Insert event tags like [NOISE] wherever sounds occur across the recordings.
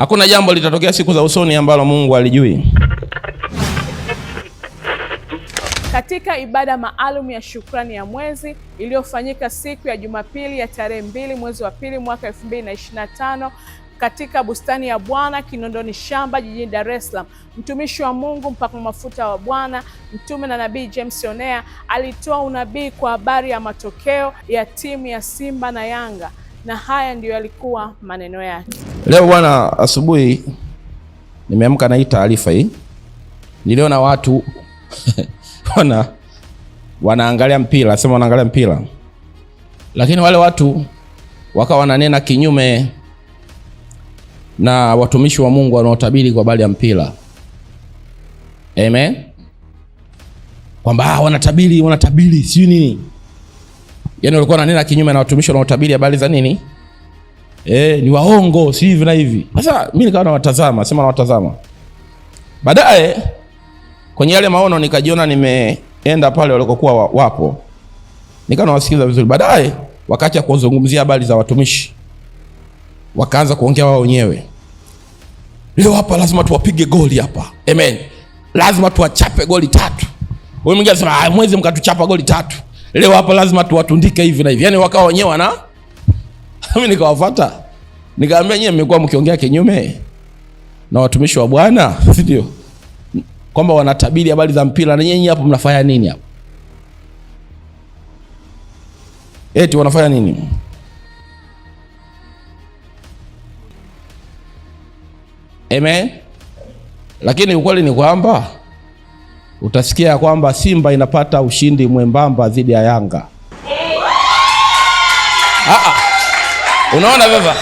Hakuna jambo litatokea siku za usoni ambalo Mungu alijui. Katika ibada maalum ya shukrani ya mwezi iliyofanyika siku ya Jumapili ya tarehe mbili mwezi wa pili mwaka 2025 katika bustani ya Bwana Kinondoni Shamba jijini Dar es Salaam, mtumishi wa Mungu mpaka mafuta wa Bwana mtume na nabii James Onea alitoa unabii kwa habari ya matokeo ya timu ya Simba na Yanga, na haya ndiyo yalikuwa maneno yake. Leo bwana, asubuhi nimeamka na hii taarifa hii, niliona watu bwana [LAUGHS] wanaangalia mpira, sema wanaangalia mpira, lakini wale watu wakawa wananena kinyume na watumishi wa Mungu wanaotabiri kwa habari ya mpira. Amen, kwamba ah, wanatabiri, wanatabiri sijui nini, yaani walikuwa wananena kinyume na watumishi wanaotabiri habari za nini eh, ni waongo, si hivi na hivi. Sasa mimi nikawa nawatazama, sema nawatazama. Baadaye kwenye yale maono nikajiona nimeenda pale walikokuwa wapo, nikawa nawasikiliza vizuri. Baadaye wakaacha kuzungumzia habari za watumishi, wakaanza kuongea wao wenyewe, leo hapa lazima tuwapige goli hapa, amen, lazima tuwachape goli tatu. Huyu mwingine anasema ah, mwezi mkatuchapa goli tatu, leo hapa lazima tuwatundike hivi na hivi, yani wakawa wenyewe wana [LAUGHS] Mimi nikawafuata nikaambia, nyie mmekuwa mkiongea kinyume na watumishi wa Bwana, [LAUGHS] si ndio? Kwamba wanatabiri habari za mpira, na nyinyi hapo mnafanya nini hapo? Eti wanafanya nini? Amen. Lakini ukweli ni kwamba utasikia kwamba Simba inapata ushindi mwembamba dhidi ya Yanga. -ah. ah. Unaona baba?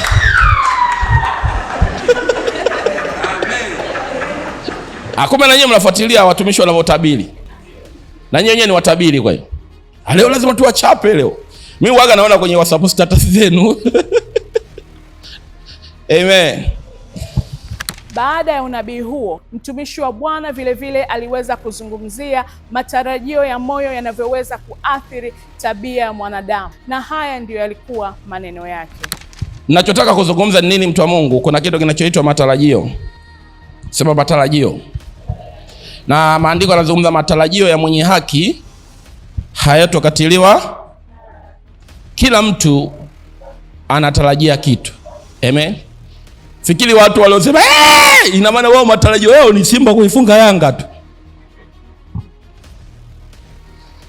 Akumbe ah, na mnafuatilia watumishi wanavyotabiri. Na wenyewe ni watabiri kwa hiyo. Ah, leo lazima tuwachape leo. Mimi waga naona kwenye WhatsApp status zenu. [LAUGHS] Amen. Baada ya unabii huo, mtumishi wa Bwana vilevile aliweza kuzungumzia matarajio ya moyo yanavyoweza kuathiri tabia ya mwanadamu, na haya ndiyo yalikuwa maneno yake. Nachotaka kuzungumza ni nini, mtu wa Mungu? Kuna kitu kinachoitwa matarajio, sema matarajio. Na maandiko yanazungumza matarajio ya mwenye haki hayatokatiliwa. Kila mtu anatarajia kitu, amen. Fikiri watu waliosema hey! ina maana wao matarajio yao ni Simba kuifunga Yanga tu,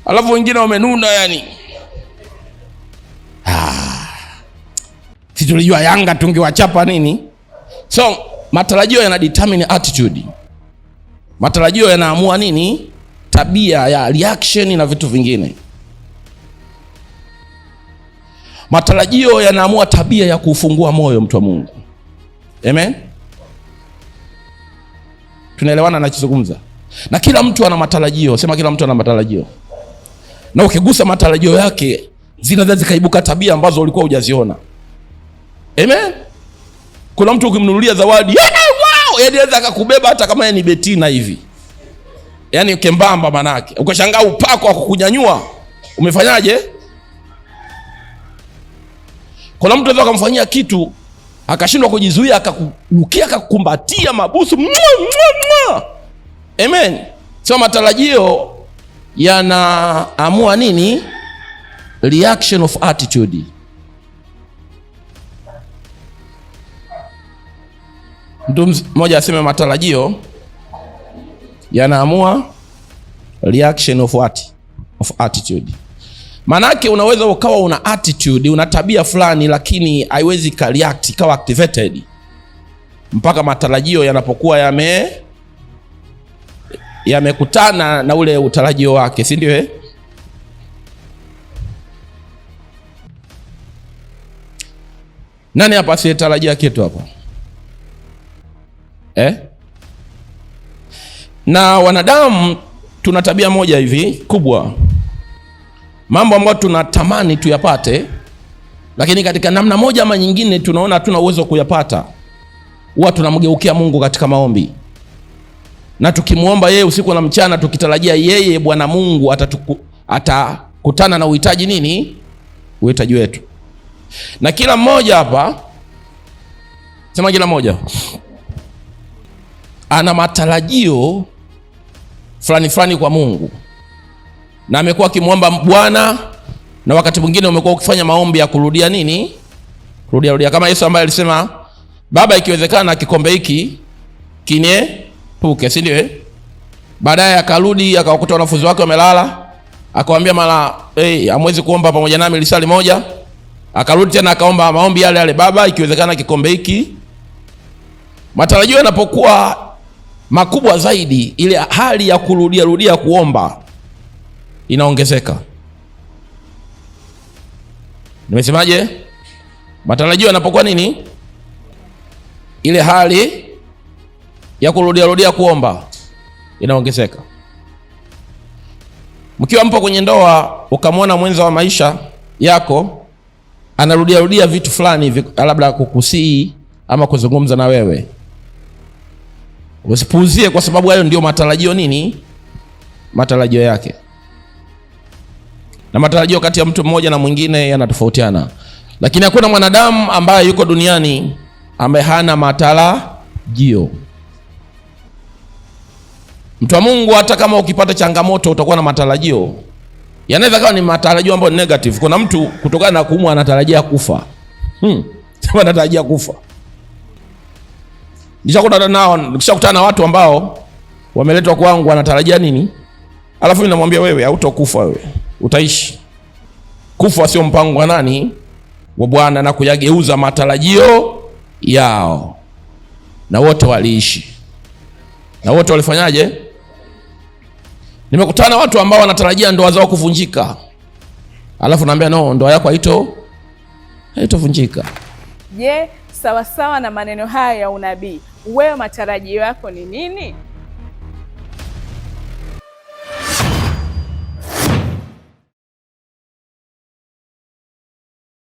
alafu wengine wamenuna yani tulijua Yanga tungewachapa nini. So matarajio yana determine attitude, matarajio yanaamua nini, tabia ya reaction na vitu vingine. Matarajio yanaamua tabia ya kufungua moyo mtu wa Mungu. Amen, tunaelewana anachozungumza? Na kila mtu ana matarajio, sema kila mtu ana matarajio, na ukigusa matarajio yake zinaweza zikaibuka tabia ambazo ulikuwa hujaziona. Amen. Kuna mtu ukimnunulia zawadi yaani, wow, yani anaweza akakubeba hata kama ni betina hivi, yani kembamba manake, ukashangaa upako wa kukunyanyua umefanyaje. Kuna mtu anaweza akamfanyia kitu akashindwa kujizuia, akakurukia, akakukumbatia mabusu mwa, mwa, mwa. Amen. Sio matarajio yanaamua nini, reaction of attitude Mtu mmoja aseme matarajio yanaamua reaction of what? Of attitude. Manake unaweza ukawa una attitude, una tabia fulani, lakini haiwezi ka react ikawa activated mpaka matarajio yanapokuwa yame yamekutana na ule utarajio wake, si ndio? Eh, nani hapa asiyetarajia kitu hapa? eh? Na wanadamu tuna tabia moja hivi kubwa, mambo ambayo tunatamani tuyapate, lakini katika namna moja ama nyingine tunaona hatuna uwezo kuyapata, huwa tunamgeukia Mungu katika maombi na tukimwomba yeye usiku na mchana, tukitarajia yeye Bwana Mungu atakutana na uhitaji nini, uhitaji wetu. Na kila mmoja hapa, sema kila mmoja ana matarajio fulani fulani kwa Mungu na amekuwa akimwomba Bwana, na wakati mwingine umekuwa ukifanya maombi ya kurudia nini, kurudia rudia, kama Yesu ambaye alisema Baba, ikiwezekana kikombe hiki kinye puke, si ndio? Eh? Baadaye akarudi akawakuta wanafunzi wake wamelala, akawaambia mara hey, amwezi kuomba pamoja nami lisali moja. Akarudi tena akaomba maombi yale yale, Baba, ikiwezekana kikombe hiki. Matarajio yanapokuwa makubwa zaidi, ile hali ya kurudia rudia kuomba inaongezeka. Nimesemaje? matarajio yanapokuwa nini? Ile hali ya kurudia rudia kuomba inaongezeka. Mkiwa mpo kwenye ndoa, ukamwona mwenza wa maisha yako anarudiarudia vitu fulani, labda kukusii ama kuzungumza na wewe Usipuuzie, kwa sababu hayo ndio matarajio nini, matarajio yake. Na matarajio kati ya mtu mmoja na mwingine yanatofautiana, lakini hakuna mwanadamu ambaye yuko duniani ambaye hana matarajio. Mtu wa Mungu, hata kama ukipata changamoto utakuwa na matarajio. Yanaweza kawa ni matarajio ambayo ni negative. Kuna mtu kutokana na kuumwa anatarajia kufa, hmm. [LAUGHS] anatarajia kufa nishakutana nao, nishakutana na watu ambao wameletwa kwangu wanatarajia nini, alafu mimi namwambia wewe, hautokufa wewe, utaishi. Kufa sio mpango wa nani, wa Bwana, na kuyageuza matarajio yao. Na wote waliishi, na wote walifanyaje? Nimekutana watu ambao wanatarajia ndoa zao kuvunjika, alafu naambia no, ndoa yako haito haitovunjika. Je, yeah, sawasawa na maneno haya ya unabii wewe matarajio yako ni nini?